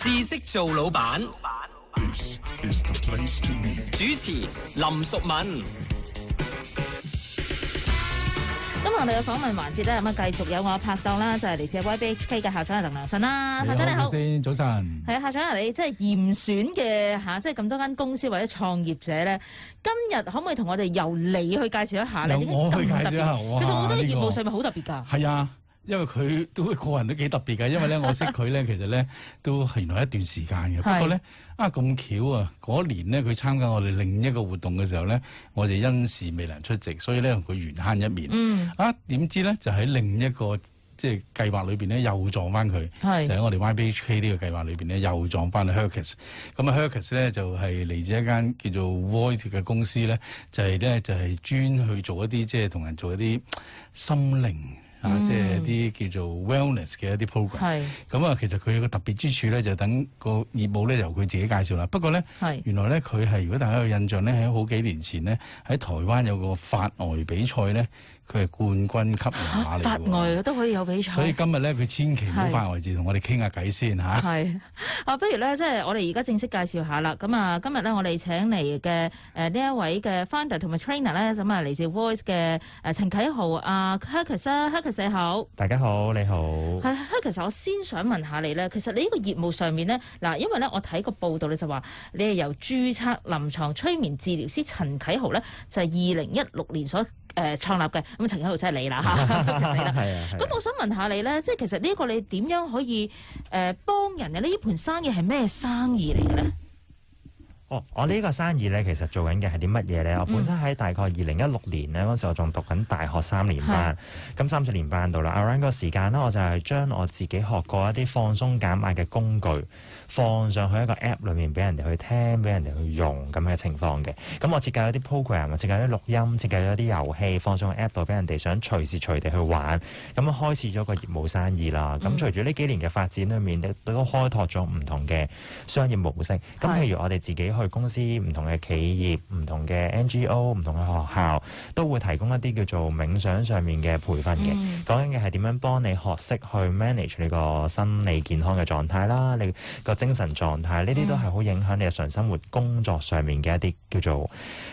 智識做老闆，主持林淑敏。今日我哋嘅訪問環節咧，咁啊，繼續有我拍檔啦，就係、是、嚟自 YBHK 嘅校長鄧良順啦。校長你好，先早晨。係啊，校長啊，你即係嚴選嘅吓，即係咁多間公司或者創業者咧，今日可唔可以同我哋由你去介紹一下咧？由我去你麼麼特別去介紹啊、這個，我其實我覺得業務上係咪好特別噶？係啊。因為佢都會個人都幾特別嘅，因為咧我識佢咧， 其實咧都係原來一段時間嘅。不過咧啊咁巧啊，嗰年咧佢參加我哋另一個活動嘅時候咧，我就因事未能出席，所以咧佢緣慳一面。嗯，啊點知咧就喺另一個即係計劃裏面咧又撞翻佢，就喺我哋 YBHK 呢個計劃裏面咧又撞翻 Hercules，咁啊 Hercules 咧就係、是、嚟自一間叫做 Void 嘅公司咧，就係、是、咧就係、是、專去做一啲即係同人做一啲心靈。啊，即係啲叫做 wellness 嘅一啲 program，咁、嗯、啊、嗯，其實佢有個特別之處咧，就等個業務咧由佢自己介紹啦。不過咧，原來咧佢係如果大家有印象咧，喺好幾年前咧喺台灣有個法外比賽咧。佢係冠軍級人馬嚟㗎喎，法外都可以有比賽。所以今日咧，佢千祈唔好翻來置同我哋傾下偈先嚇。係啊，啊，不如咧，即係我哋而家正式介紹下啦。咁啊，今日咧，我哋請嚟嘅誒呢一位嘅 founder 同埋 trainer 咧，咁啊嚟自 Void 嘅誒、呃、陳棨豪啊，Hercules 啊，Hercules 你好。大家好，你好。係，Hercules，我先想問下你咧，其實你呢個業務上面咧，嗱，因為咧我睇個報道咧就話你係由註冊臨床催眠治療師陳棨豪咧，就係二零一六年所誒、呃、創立嘅。咁陳棨豪真係你啦嚇，死 啦 你！咁、 啊啊啊、我想問下你咧，即係其實呢一個你點樣可以誒、呃、幫人嘅呢盤生意係咩生意嚟咧？哦，我呢個生意咧，其實做緊嘅係啲乜嘢咧？我本身喺大概二零一六年咧，嗰陣時我仲讀緊大學三年班，咁、啊、三四年班度啦。around、嗯、嗰個時間咧，我就係將我自己學過一啲放鬆減壓嘅工具。放上去一個 App 裏面俾人哋去聽，俾人哋去用咁嘅情況嘅。咁我設計咗啲 program，我設計咗啲錄音，設計咗啲遊戲，放上 App 度俾人哋想隨時隨地去玩。咁開始咗個業務生意啦。咁隨住呢幾年嘅發展裏面，嗯、亦都開拓咗唔同嘅商業模式。咁譬如我哋自己去公司、唔同嘅企業唔同嘅 NGO、唔同嘅學校，都會提供一啲叫做冥想上面嘅培訓嘅、嗯。講緊嘅係點樣幫你學識去 manage 你個心理健康嘅狀態啦，你個。精神狀態呢啲都係好影響你日常生活工作上面嘅一啲、嗯、叫做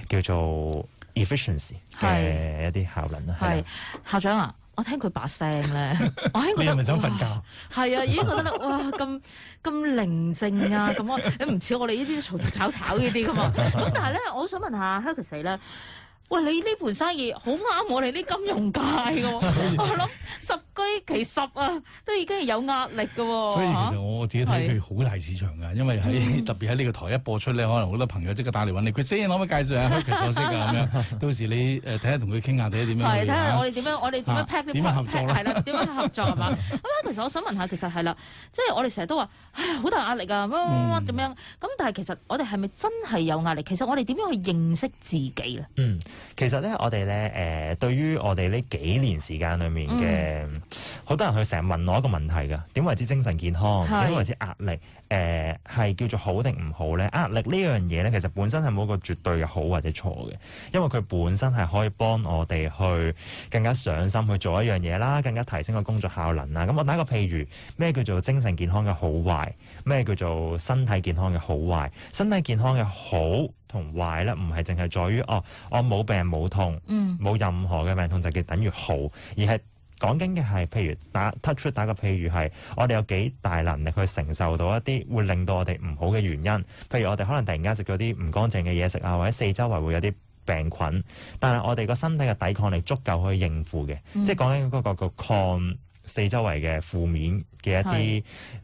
叫做 efficiency 嘅一啲效能啊。係校長啊，我聽佢把聲咧， 我已經覺得你係咪想瞓覺？係啊，已經覺得咧哇，咁咁寧靜啊，咁啊，唔似我哋呢啲嘈嘈吵吵呢啲噶嘛。咁 但係咧，我想問一下 Hercules 咧。喂，你呢盤生意好啱我哋呢金融界嘅， 我諗十居其十啊，都已經係有壓力嘅喎嚇。所以其實我自己睇佢好大市場㗎，因為喺、嗯、特別喺呢個台一播出咧，可能好多朋友即刻打嚟揾你。佢先可唔可以介紹下佢嘅角色，到時你睇、呃、下同佢傾下睇下點樣。我哋點樣，我哋點樣合作啦？嘛？ 咁 其實我想問下，其實係啦，即、就、係、是、我哋成日都話，好大壓力㗎、啊，乜乜乜點樣？咁但係其實我哋係咪真係有壓力？其實我哋點樣去認識自己咧？嗯其實咧，我哋咧，誒，對於我哋呢幾年時間裏面嘅。好多人佢成日問我一個問題嘅，點為之精神健康？點為之壓力？誒、呃，係叫做好定唔好咧？壓力呢樣嘢咧，其實本身係冇個絕對嘅好或者錯嘅，因為佢本身係可以幫我哋去更加上心去做一樣嘢啦，更加提升個工作效率啦。咁我打個譬如，咩叫做精神健康嘅好壞？咩叫做身體健康嘅好壞？身體健康嘅好同壞咧，唔係淨係在於哦，我冇病冇痛，冇、嗯、任何嘅病痛就叫等於好，而係。講緊嘅係，譬如打 touch 出打個譬如係，我哋有幾大能力去承受到一啲會令到我哋唔好嘅原因。譬如我哋可能突然間食咗啲唔乾淨嘅嘢食啊，或者四周圍會有啲病菌，但係我哋個身體嘅抵抗力足夠去應付嘅，嗯，即係講緊嗰個個抗四周圍嘅負面嘅一啲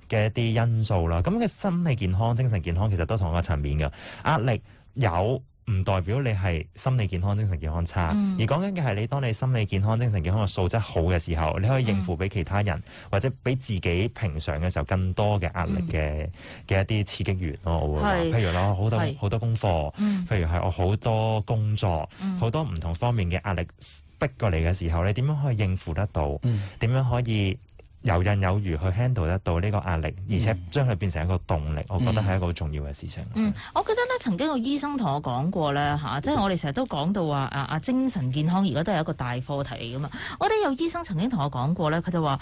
嘅一啲因素啦。咁嘅心理健康、精神健康其實都同一個層面嘅壓力有。唔代表你係心理健康、精神健康差，嗯、而講緊嘅係你當你心理健康、精神健康嘅素質好嘅時候，你可以應付比其他人、嗯、或者比自己平常嘅時候更多嘅壓力嘅嘅、嗯、一啲刺激源咯。我會話，譬如我好多好多功課、嗯，譬如係我好多工作，好、嗯、多唔同方面嘅壓力逼過嚟嘅時候，你點樣可以應付得到？點、嗯、樣可以？游刃有餘去 handle 得到呢個壓力，而且將佢變成一個動力，嗯、我覺得係一個好重要嘅事情。嗯，我記得咧，曾經有醫生同我講過咧，吓、啊，即係我哋成日都講到話啊啊，精神健康而家都係一個大課題㗎嘛。我哋有醫生曾經同我講過咧，佢就話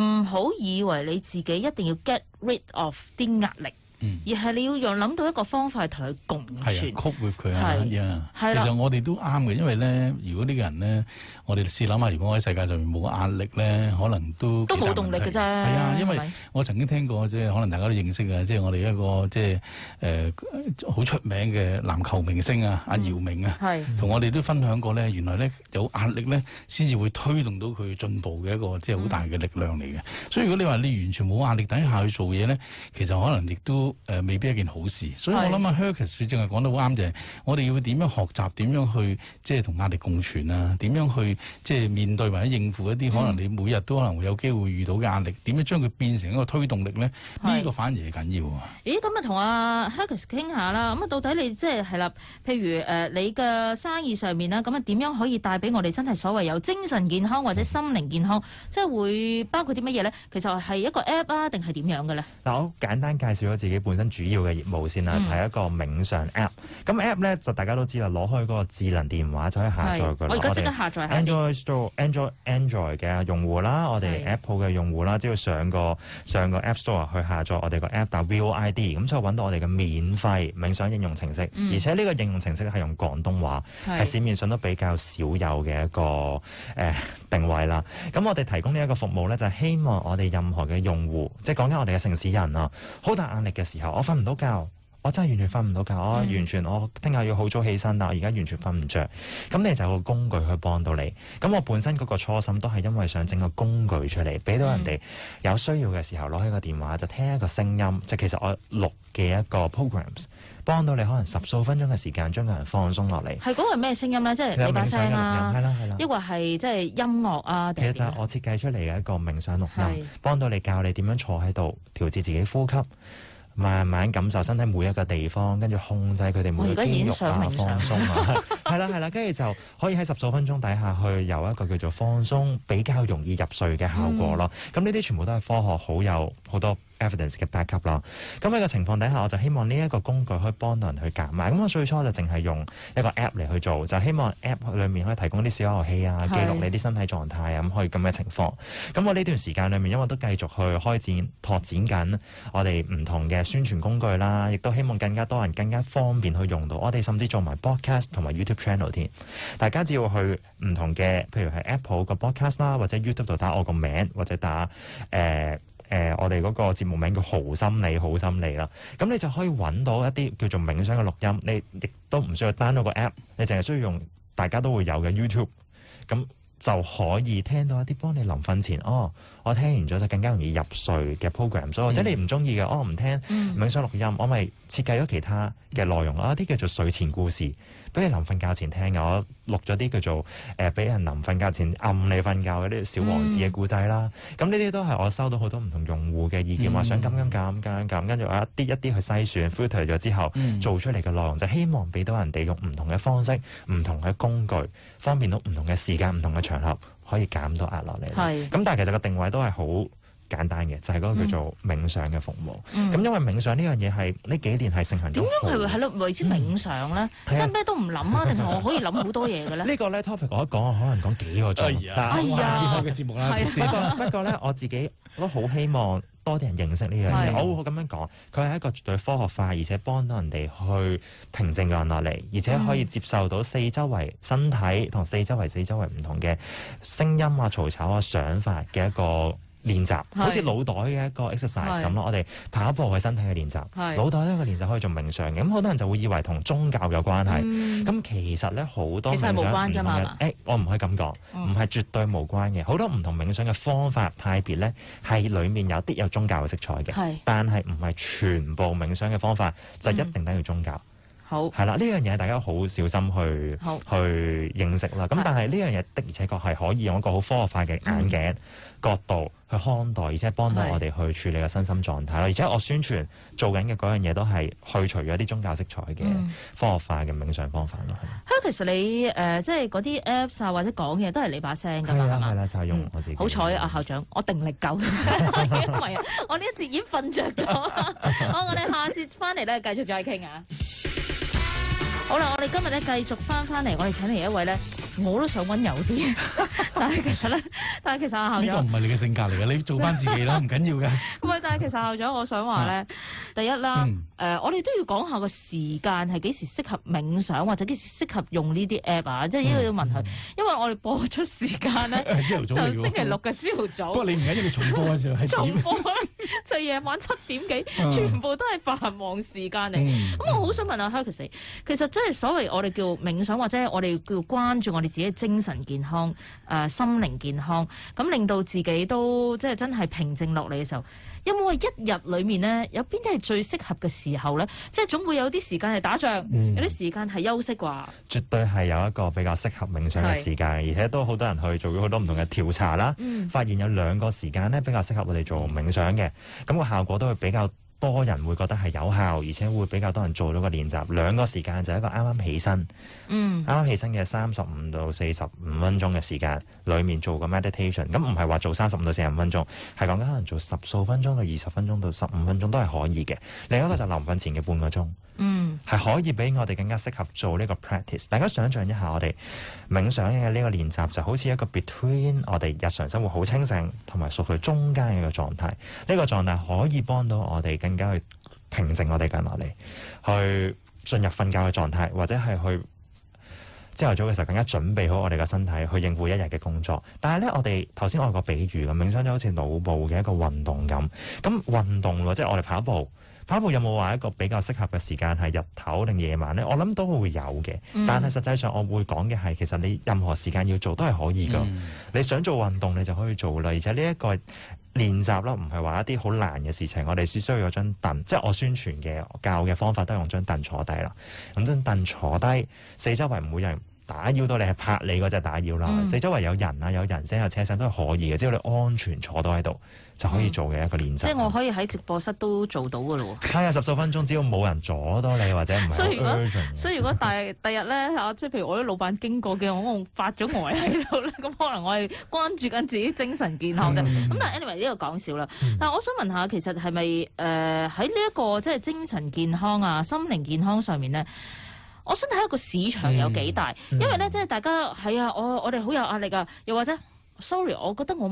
唔好以為你自己一定要 get rid of 啲壓力。嗯、而係你要用諗到一個方法同佢共，係啊 cope with 佢啊，係、啊啊、其實我哋都啱嘅，因為咧，如果呢個人咧，我哋試諗下，如果我喺世界上面冇壓力咧，可能都都冇動力㗎啫。係啊，啊，因為我曾經聽過，即係可能大家都認識嘅，即、就、係、是、我哋一個即係誒好出名嘅籃球明星啊，阿、嗯啊、姚明啊，同、啊、我哋都分享過咧，原來咧有壓力咧先至會推動到佢進步嘅一個即係好大嘅力量嚟嘅。所以如果你話你完全冇壓力底下去做嘢咧，其實可能亦都。誒、呃、未必一件好事，所以我諗啊，Hercules 正係講得好啱，就係、是、我哋要點樣學習，點樣去即係同壓力共存啊？點樣去即係面對或者應付一啲可能你每日都可能會有機會遇到嘅壓力？點樣將佢變成一個推動力咧？呢個反而係緊要啊！咦，咁啊，同阿 Hercules 傾下啦。咁啊，到底你即係係啦，譬如誒、呃，你嘅生意上面啦，咁啊，點樣可以帶俾我哋真係所謂有精神健康或者心靈健康，嗯、即係會包括啲乜嘢咧？其實係一個 app 啊，定係點樣嘅咧？嗱，我簡單介紹咗自己，本身主要嘅業務先啦、啊，係、嗯，就是、一個冥想 App, app。咁 App 咧，就大家都知啦，攞開個智能電話就可以下載噶我而家即刻下載下 Android Store、Android、Android 嘅用戶啦，我哋 Apple 嘅用戶啦，只要上個上個 App Store 去下載我哋個 App，打 V-O-I-D，咁就揾到我哋嘅免費冥想應用程式。嗯、而且呢個應用程式係用廣東話，係市面上都比較少有嘅一個誒、呃、定位啦。咁我哋提供呢一個服務咧，就是、希望我哋任何嘅用戶，即係講緊我哋嘅城市人啊，好大壓力嘅。時候我瞓唔到覺，我真係完全瞓唔到覺。我，我完全我聽日要好早起身啦。而家完全瞓唔着。咁，你就有個工具去幫到你。咁，我本身嗰個初心都係因為想整個工具出嚟，俾到人哋有需要嘅時候攞起個電話就聽一個聲音，嗯、即係其實我錄嘅一個 programs，幫到你可能十數分鐘嘅時間，將個人放鬆落嚟係嗰個咩聲音咧？即係你把聲、啊、啦，係啦係啦，抑或係即係音樂啊是。其實就係我設計出嚟嘅一個冥想錄音，幫到你教你點樣坐喺度調節自己呼吸。慢慢感受身體每一個地方，跟住控制佢哋每個肌肉演上啊，放鬆啊。 係啦，係啦，跟住就可以喺十數分鐘底下去有一個叫做放鬆、比較容易入睡嘅效果咯。咁呢啲全部都係科學好有好多 evidence 嘅 backup 啦。咁喺個情況底下，我就希望呢一個工具可以幫到人去減壓，咁我最初就淨係用一個 app 嚟去做，就希望 app 裏面可以提供啲小遊戲啊，記錄你啲身體狀態啊，咁可以咁嘅情況，咁我呢段時間裏面，因為都繼續去開展、拓展緊我哋唔同嘅宣傳工具啦，亦都希望更加多人、更加方便去用到我哋，甚至做埋 podcast 同埋 YouTube。channel 添，大家只要去唔同嘅，譬如係 Apple 嘅 podcast 啦，或者 YouTube 度打我個名，或者打誒誒、呃呃、我哋嗰個節目名叫好心理好心理啦。咁你就可以揾到一啲叫做冥想嘅錄音。你亦都唔需要 download 個 app，你淨係需要用大家都會有嘅 YouTube，咁就可以聽到一啲幫你臨瞓前哦，我聽完咗就更加容易入睡嘅 program。所以或者你唔中意嘅，哦，唔聽冥想錄音，我咪設計咗其他嘅內容啦、嗯，一啲叫做睡前故事。俾你臨瞓覺前聽嘅，我錄咗啲叫做誒俾、呃、人臨瞓覺前暗你瞓覺嘅啲小王子嘅故仔啦。咁呢啲都係我收到好多唔同用戶嘅意見，話、mm. 想咁咁減，咁咁減，跟住我一啲一啲去篩選、mm. filter 咗之後做出嚟嘅內容，就係、希望俾到人哋用唔同嘅方式、唔同嘅工具，方便到唔同嘅時間、唔同嘅場合，可以減到壓落嚟。咁但係其實個定位都係好。簡單嘅就係、是、嗰個叫做冥想嘅服務。咁、嗯、因為冥想呢樣嘢係呢幾年係盛行點？咁佢會係咯，為之冥想咧、嗯，即係咩都唔諗啊，定 係我可以諗好多嘢嘅咧。這個、呢個咧 topic 我一講，我可能講幾個鐘係啊，哎但哎、節目啦。係、啊啊、不過咧， 我自己都好希望多啲人認識呢樣嘢。我會咁樣講，佢係一個絕對科學化，而且幫到人哋去平靜落嚟，而且可以接受到四周圍身體同、嗯、四周圍四周圍唔同嘅聲音啊、嘈吵啊、想法嘅一個。練習好似腦袋嘅一個 exercise 咁咯，我哋跑步係身體嘅練習，腦袋呢個練習可以做冥想嘅，咁好多人就會以為同宗教有關係，咁、嗯、其實咧好多冥想唔同嘅，誒、欸、我唔可以咁講，唔、哦、係絕對無關嘅，好多唔同冥想嘅方法派別咧，係裡面有啲有宗教嘅色彩嘅，但係唔係全部冥想嘅方法就一定等於宗教。嗯。好係啦，呢樣嘢大家好小心去去認識啦。咁但係呢樣嘢的而且確係可以用一個好科學化嘅眼鏡角度去看待，嗯、而且幫到我哋去處理個身心狀態。而且我宣傳做緊嘅嗰樣嘢都係去除咗啲宗教色彩嘅、嗯、科學化嘅冥想方法咯。嚇，其實你誒、呃、即係嗰啲 Apps 啊，或者講嘢都係你把聲噶嘛，係咪？係啦，就係、是、用我自己。嗯、好彩啊，校長，我定力夠，唔 係 我呢一節已經瞓着咗。 我我哋下次翻嚟咧，繼續再傾啊。 好啦，我哋今日咧繼續翻翻嚟，我哋請嚟一位咧，我都想溫柔啲， 但係其實咧，但係其實校長呢個唔係你嘅性格嚟嘅，你做翻自己啦，唔緊要嘅。唔 係，但係其實校長，我想話咧、啊，第一啦，誒、嗯呃，我哋都要講下個時間係幾時適合冥想，或者幾時適合用呢啲 app 啊，即係呢個要問佢、嗯嗯，因為我哋播出時間咧朝頭早 就星期六嘅朝頭早。不過你唔緊要，你重播嘅時候 係重播。 成 夜晚七點幾，uh, 全部都係繁忙時間嚟。咁、嗯、我好想問啊 Hercules 其實即係所謂我哋叫冥想或者我哋叫關注我哋自己精神健康、呃、心靈健康，咁令到自己都即係、就是、真係平靜落嚟嘅時候，有冇一日裏面呢？有邊啲係最適合嘅時候呢？即、就、係、是、總會有啲時間係打仗，嗯、有啲時間係休息啩？絕對係有一個比較適合冥想嘅時間，而且都好多人去做咗好多唔同嘅調查啦、嗯，發現有兩個時間呢，比較適合我哋做冥想嘅。咁個效果都會比較多人會覺得係有效，而且會比較多人做到個練習。兩個時間就一個啱啱起身，嗯，啱啱起身嘅三十五到四十五分鐘嘅時間裏面做個 meditation。咁唔係話做三十五到四十五分鐘，係講緊可能做十數分鐘到二十分鐘到十五分鐘都係可以嘅。另一個就臨瞓前嘅半個鐘，嗯。係可以俾我哋更加適合做呢個 practice。大家想像一下，我哋冥想嘅呢個練習就好似一個 between 我哋日常生活好清醒同埋熟睡中間嘅一個狀態。呢、這個狀態可以幫到我哋更加去平靜我哋嘅壓力，去進入瞓覺嘅狀態，或者係去朝頭早嘅時候更加準備好我哋嘅身體去應付一日嘅工作。但係咧，我哋頭先我有個比喻喇，冥想就好似腦部嘅一個運動咁。咁運動即係、就是、我哋跑步。跑步有冇話一個比較適合嘅時間係日頭定夜晚咧？我諗都會有嘅、嗯，但係實際上我會講嘅係，其實你任何時間要做都係可以㗎、嗯。你想做運動你就可以做啦，而且呢一個練習啦，唔係話一啲好難嘅事情，我哋只需要有張凳，即係我宣傳嘅我教嘅方法都係用張凳坐低啦。咁張凳坐低，四周圍唔會有人。打擾到你係拍你嗰隻打擾啦、嗯，四周圍有人啊，有人聲、有車聲，都係可以嘅，只要你安全坐到喺度就可以做嘅一個練習。即係我可以喺直播室都做到㗎咯喎。睇下十數分鐘，只要冇人阻到你或者唔係，所以如果、Urgent、所以如果第第日咧即係譬如我啲老闆經過嘅，我發咗呆喺度咧，咁 可能我係關注緊自己精神健康啫。咁、嗯、但係 anyway 呢個講少啦。但我想問下，其實係咪誒喺呢一個即係精神健康啊、心靈健康上面咧？我想睇一個市場有幾大，因為咧，即係大家係、嗯、啊，我我哋好有壓力噶，又或者，sorry，我覺得我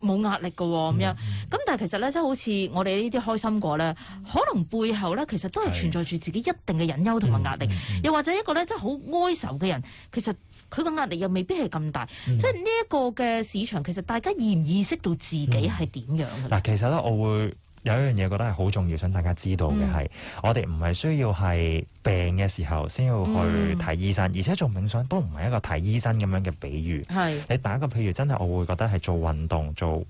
冇壓力噶咁樣。咁但係其實咧，即係好似我哋呢啲開心果咧，可能背後咧，其實都係存在住自己一定嘅隱憂同埋壓力。又或者一個咧，即係好哀愁嘅人，其實佢個壓力又未必係咁大。嗯、即係呢一個嘅市場，其實大家意唔意識到自己係點樣嗱、嗯，其實咧，我會有一樣嘢覺得係好重要，想大家知道嘅係、嗯，我哋唔係需要係。病嘅時候先要去睇醫生、嗯，而且做冥想都唔係一個睇醫生咁樣嘅比喻。係你打一個譬如，真係我會覺得係做運動做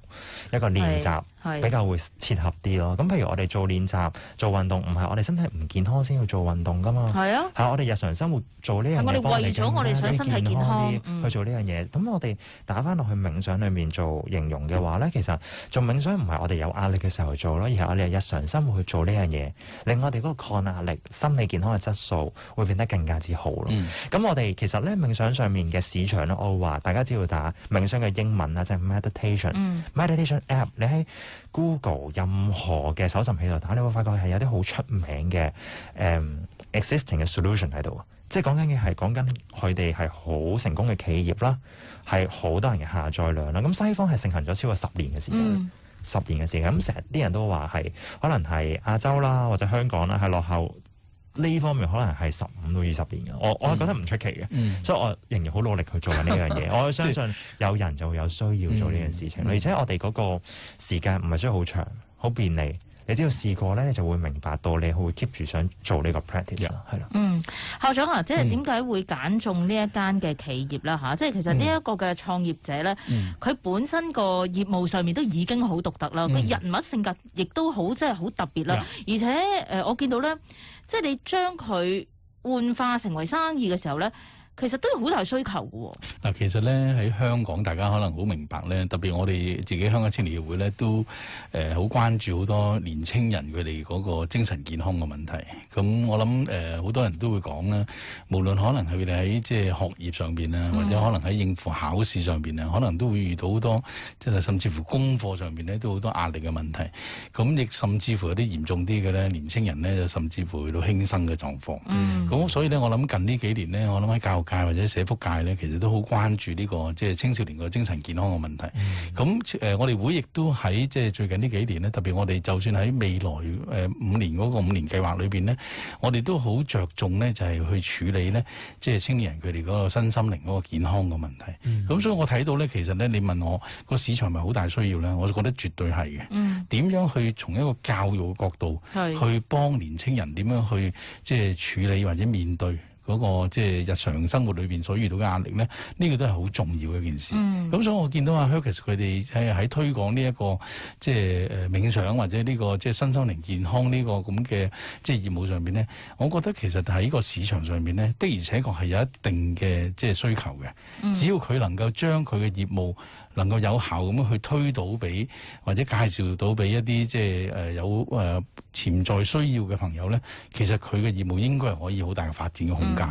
一個練習，比較會切合啲咯。咁譬如我哋做練習做運動，唔係我哋身體唔健康先要做運動噶嘛。係啊，我哋日常生活做呢樣嘢。我哋為咗我哋想身體健康，健康、嗯、去做呢樣嘢。咁我哋打翻落去冥想裏面做形容嘅話咧，其實做冥想唔係我哋有壓力嘅時候做咯，而係我哋日常生活去做呢樣嘢，令我哋嗰個抗壓力、心理健康嘅。質素會變得更加之好咯。咁、嗯、我哋其實咧冥想上面嘅市場咧，我話大家只要打冥想嘅英文啊，即係 meditation，meditation、嗯、app。你喺 Google 任何嘅搜尋器度打，你會發覺係有啲好出名嘅、嗯、existing 嘅 solution 喺度。即係講緊嘅係講緊佢哋係好成功嘅企業啦，係好多人嘅下載量啦。咁西方係盛行咗超過十年嘅時間，十年嘅時間咁成日啲人都話係可能係亞洲啦，或者香港啦係落後。呢方面可能係十五到二十年嘅，我我係覺得唔出奇嘅、嗯，所以我仍然好努力去做緊呢樣嘢。 我相信有人就會有需要做呢樣事情，而且我哋嗰個時間唔係需要好長，好便利。你只要試過咧，你就會明白到你會 keep 住想做呢個 practice，係啦。Yeah. 嗯，校長啊，嗯、即係點解會揀中呢一間嘅企業啦、嗯？即係其實呢一個嘅創業者咧，佢、嗯、本身個業務上面都已經好獨特啦，佢、嗯、人物性格亦都好，即係好特別啦。Yeah. 而且誒，我見到咧，即係你將佢換化成為生意嘅時候咧。其實都有好大需求嘅喎。嗱，其實咧喺香港，大家可能好明白咧，特別我哋自己香港青年協會咧，都誒好、呃、關注好多年青人佢哋嗰個精神健康嘅問題。咁我諗誒好多人都會講啦，無論可能係佢哋喺即係學業上面啊，或者可能喺應付考試上面啊、嗯，可能都會遇到好多即係甚至乎功課上面咧都好多壓力嘅問題。咁亦甚至乎有啲嚴重啲嘅咧，年青人咧就甚至乎去到輕生嘅狀況。咁、嗯、所以咧，我諗近呢幾年咧，我諗喺教育界或者社福界咧，其實都好關注呢、這個即係、就是、青少年個精神健康嘅問題。咁、嗯、誒、呃，我哋會亦都喺即係最近呢幾年咧，特別我哋就算喺未來誒、呃、五年嗰個五年計劃裏邊咧，我哋都好着重咧，就係、是、去處理咧，即、就、係、是、青年人佢哋嗰個身心靈嗰個健康嘅問題。咁、嗯、所以我睇到咧，其實咧，你問我、那個市場咪好大需要咧，我就覺得絕對係嘅。點、嗯、樣去從一個教育嘅角度去幫年青人點樣去即係、就是、處理或者面對？嗰、那個即係日常生活裏邊所遇到嘅壓力咧，呢、這個都係好重要嘅一件事。咁、嗯、所以我見到阿 Hercules 佢哋喺喺推廣呢一個即係誒冥想或者呢個即係身心靈健康呢個咁嘅即係業務上邊咧，我覺得其實喺個市場上邊咧的而且確係有一定嘅即係需求嘅。只要佢能夠將佢嘅業務。能夠有效咁樣去推到俾或者介紹到俾一啲即係誒有誒、呃、潛在需要嘅朋友咧，其實佢嘅業務應該係可以好大嘅發展嘅空間。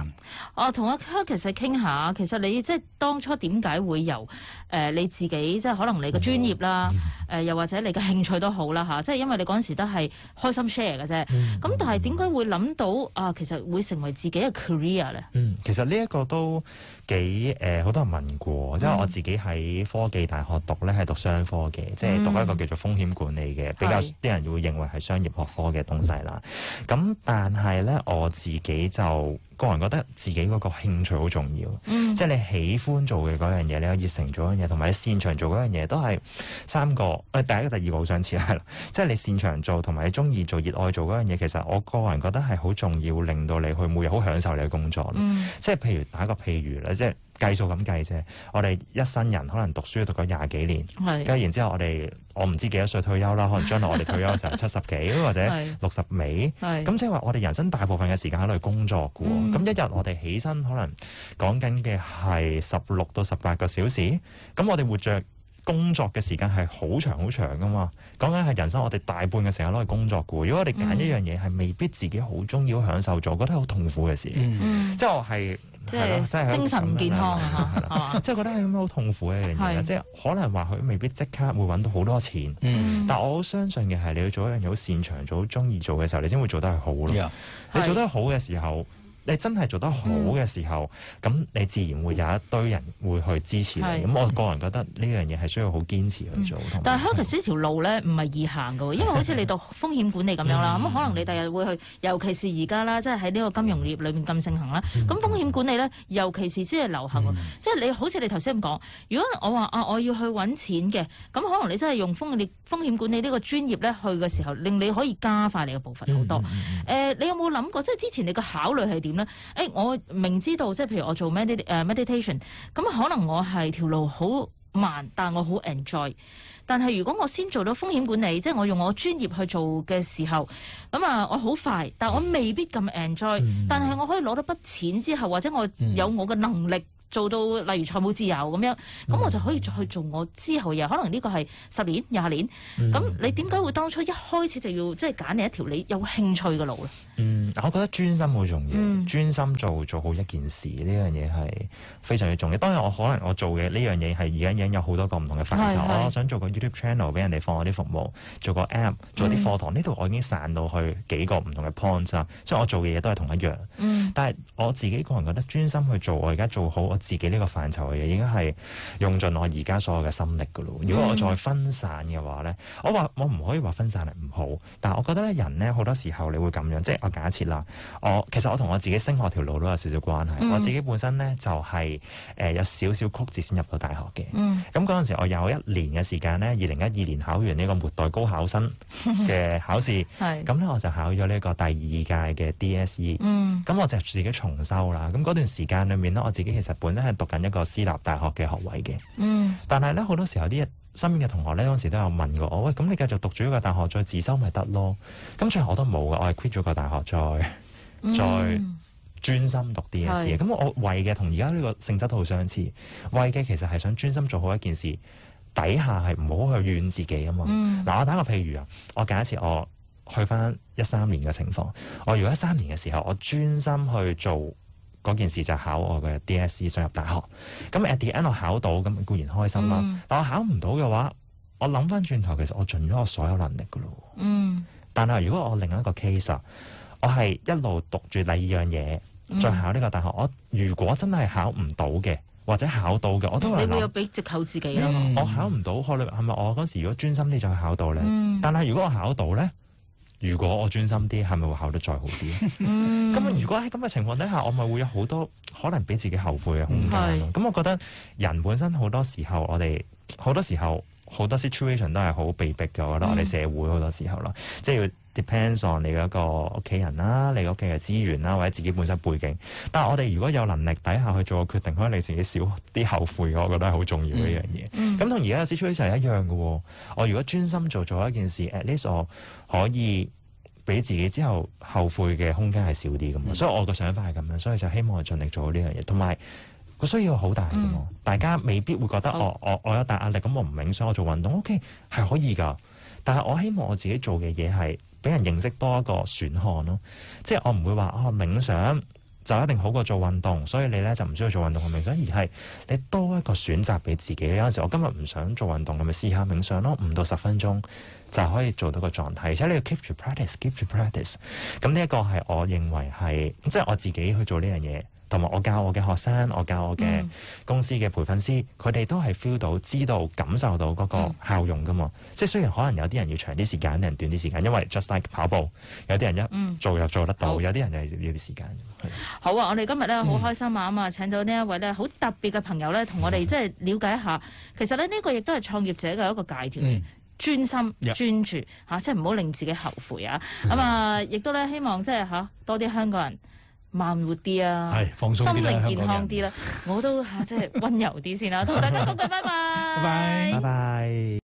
哦、嗯，同、啊、阿 Hercules 其實傾下，其實你即係當初點解會由誒、呃、你自己即係可能你嘅專業啦，誒、哦呃、又或者你嘅興趣都好啦、啊、即係因為你嗰陣時都係開心 share 嘅啫。咁、嗯、但係點解會諗到啊？其實會成為自己嘅 career 咧？嗯，其實呢一個都，幾誒好多人問過，即係我自己喺科技大學讀咧，係讀商科嘅、嗯，即係讀一個叫做風險管理嘅，比較啲人會認為係商業學科嘅東西啦。咁但係咧，我自己就～個人覺得自己嗰個興趣好重要，嗯、即係你喜歡做嘅嗰樣嘢，你可以成做嗰樣嘢，同埋你擅長做嗰樣嘢都係三個。誒、呃，第一個第二個好相似係啦，即係、就是、你擅長做同埋你中意做、熱愛做嗰樣嘢，其實我個人覺得係好重要，令到你去每日好享受你嘅工作。嗯、即係譬如打個譬如啦，即係。計數咁計啫，我哋一生人可能讀書讀咗廿幾年，跟住然之後我哋我唔知幾多歲退休啦，可能將來我哋退休嘅時候七十幾 或者六十尾，咁即係話我哋人生大部分嘅時間喺度工作喎。咁、嗯、一日我哋起身可能講緊嘅係十六到十八個小時，咁我哋活着工作嘅時間係好長好長㗎嘛。講緊係人生我哋大半嘅時間攞嚟工作嘅喎。如果我哋揀一樣嘢係未必自己好鍾意、享受咗，嗯、覺得好痛苦嘅事，嗯、即係我係。即、就、係、是、精神唔健康啊！嘛、就是， 即係覺得係咁樣好痛苦嘅嘢，即係可能話佢未必即刻會揾到好多錢。嗯、但係我相信嘅係，你要做一樣嘢好擅長、做好中意做嘅時候，你先會做得係好咯。Yeah. 你做得好嘅時候，你真係做得好嘅時候，咁、嗯、你自然會有一堆人會去支持你。咁我個人覺得呢樣嘢係需要好堅持去做。嗯、但係其實呢條路咧唔係易行㗎喎，因為好似你讀風險管理咁樣啦，咁、嗯嗯、可能你第日會去，尤其是而家啦，即係喺呢個金融業裏面咁盛行啦。咁、嗯、風險管理咧，尤其是即係流行，嗯、即係你好似你頭先咁講，如果我話啊，我要去揾錢嘅，咁可能你真係用風險，風險管理呢個專業咧去嘅時候，令你可以加快你嘅步伐好多、嗯呃。你有冇諗過？即係之前你嘅考慮係點？咧、哎，我明知道，即係譬如我做 meditation，咁可能我係條路好慢，但我好 enjoy。但係如果我先做到風險管理，即係我用我專業去做嘅時候，咁啊我好快，但我未必咁 enjoy、嗯。但係我可以攞到筆錢之後，或者我有我嘅能力。嗯做到例如財務自由咁樣，咁我就可以再去做我之後又、嗯、可能呢個係十年廿年。咁、嗯、你點解會當初一開始就要即係揀你一條你有興趣嘅路咧？嗯，我覺得專心好重要，專、嗯、心做做好一件事呢樣嘢係非常之重要。當然我可能我做嘅呢樣嘢係而家已經有好多個唔同嘅範疇。我想做個 YouTube channel 俾人哋放我啲服務，做個 App，做啲課堂。呢、嗯、度我已經散到去幾個唔同嘅 point 啦。即係我做嘅嘢都係同一樣，嗯。但係我自己個人覺得專心去做，我而家做好。自己呢個範疇嘅嘢應該係用盡我而家所有嘅心力噶咯。如果我再分散嘅話咧、mm.，我話我唔可以話分散係唔好，但係我覺得咧，人咧，好多時候你會咁樣，即係我假設啦。Mm. 我其實我同我自己升學條路都有少少關係。Mm. 我自己本身咧就係、是、誒、呃、有少少曲折先入到大學嘅。咁嗰陣時我有一年嘅時間咧，二零一二年考完呢個末代高考生嘅考試，咁 咧我就考咗呢個第二屆嘅 DSE、mm.。咁我就自己重修啦。咁嗰段時間裏面咧，我自己其實本本身係讀緊一個私立大學嘅學位嘅，嗯，但係咧好多時候啲身邊嘅同學咧，當時都有問過我，喂，咁你繼續讀住呢個大學再自修咪得咯？咁最後我都冇嘅，我係 quit 咗個大學，再、嗯、再專心讀啲嘢先。咁我為嘅同而家呢個性質都好相似，為嘅其實係想專心做好一件事，底下係唔好去怨自己啊嘛。嗱、嗯，我打個譬如啊，我假設我去翻一三年嘅情況，我如果一三年嘅時候我專心去做。嗰件事就考我嘅 DSE 想入大學，咁 at the end 我考到，咁固然開心啦、嗯。但我考唔到嘅話，我諗翻轉頭，其實我盡咗我所有能力噶咯。嗯。但係如果我另一個 case 啊，我係一路讀住第二樣嘢、嗯，再考呢個大學，我如果真係考唔到嘅，或者考到嘅，我都會諗。你會有俾藉口自己啊、嗯，我考唔到，可能係咪我嗰時如果專心啲就去考到咧、嗯？但係如果我考到咧？如果我專心啲，係咪會考得再好啲？咁、嗯、 如果喺咁嘅情況底下，我咪會有好多可能俾自己後悔嘅空間咯。咁、嗯、我覺得人本身好多時候，我哋好多時候好多 situation 都係好被逼嘅，我覺得我哋社會好多時候咯、嗯，即係 depends on 你嘅一個屋企人啦，你屋企嘅資源啦，或者自己本身背景。但係我哋如果有能力底下去做個決定，可以你自己少啲後悔，我覺得係好重要嘅一樣嘢。咁同而家嘅 situation 係一樣嘅。我如果專心做做一件事，at least 我可以俾自己之後後悔嘅空間係少啲咁。所以我嘅想法係咁樣，所以就希望盡力做好呢樣嘢。同埋個需要好大嘅，大家未必會覺得我我我有大壓力咁。我唔明，所以我做運動 OK 係可以噶，但係我希望我自己做嘅嘢係。俾人認識多一個選項咯，即係我唔會話哦，冥想就一定好過做運動，所以你咧就唔需要做運動同冥想，而係你多一個選擇俾自己。有陣時我今日唔想做運動咁，咪試下冥想咯，五到十分鐘就可以做到個狀態，而且你要 keep 住 practice，keep 住 practice。咁呢一個係我認為係即係我自己去做呢樣嘢。同埋我教我嘅學生，我教我嘅公司嘅培訓師，佢、嗯、哋都係 feel 到、知道、感受到嗰個效用噶嘛。嗯、即係雖然可能有啲人要長啲時間，有啲人短啲時間，因為 just like 跑步，有啲人一做又做得到，嗯、有啲人又要啲時間。好啊，我哋今日咧好開心啊，咁、嗯、啊請到呢一位咧好特別嘅朋友咧，同我哋即係了解一下。其實咧呢、呢個亦都係創業者嘅一個戒條、嗯，專心專注嚇、嗯啊，即係唔好令自己後悔啊。咁、嗯、啊，亦都咧希望即係、啊、多啲香港人。慢活啲啊，係放鬆心靈健康啲啦，我都吓即係溫柔啲先啦，同 大家講句，拜拜 bye bye，拜拜，拜拜。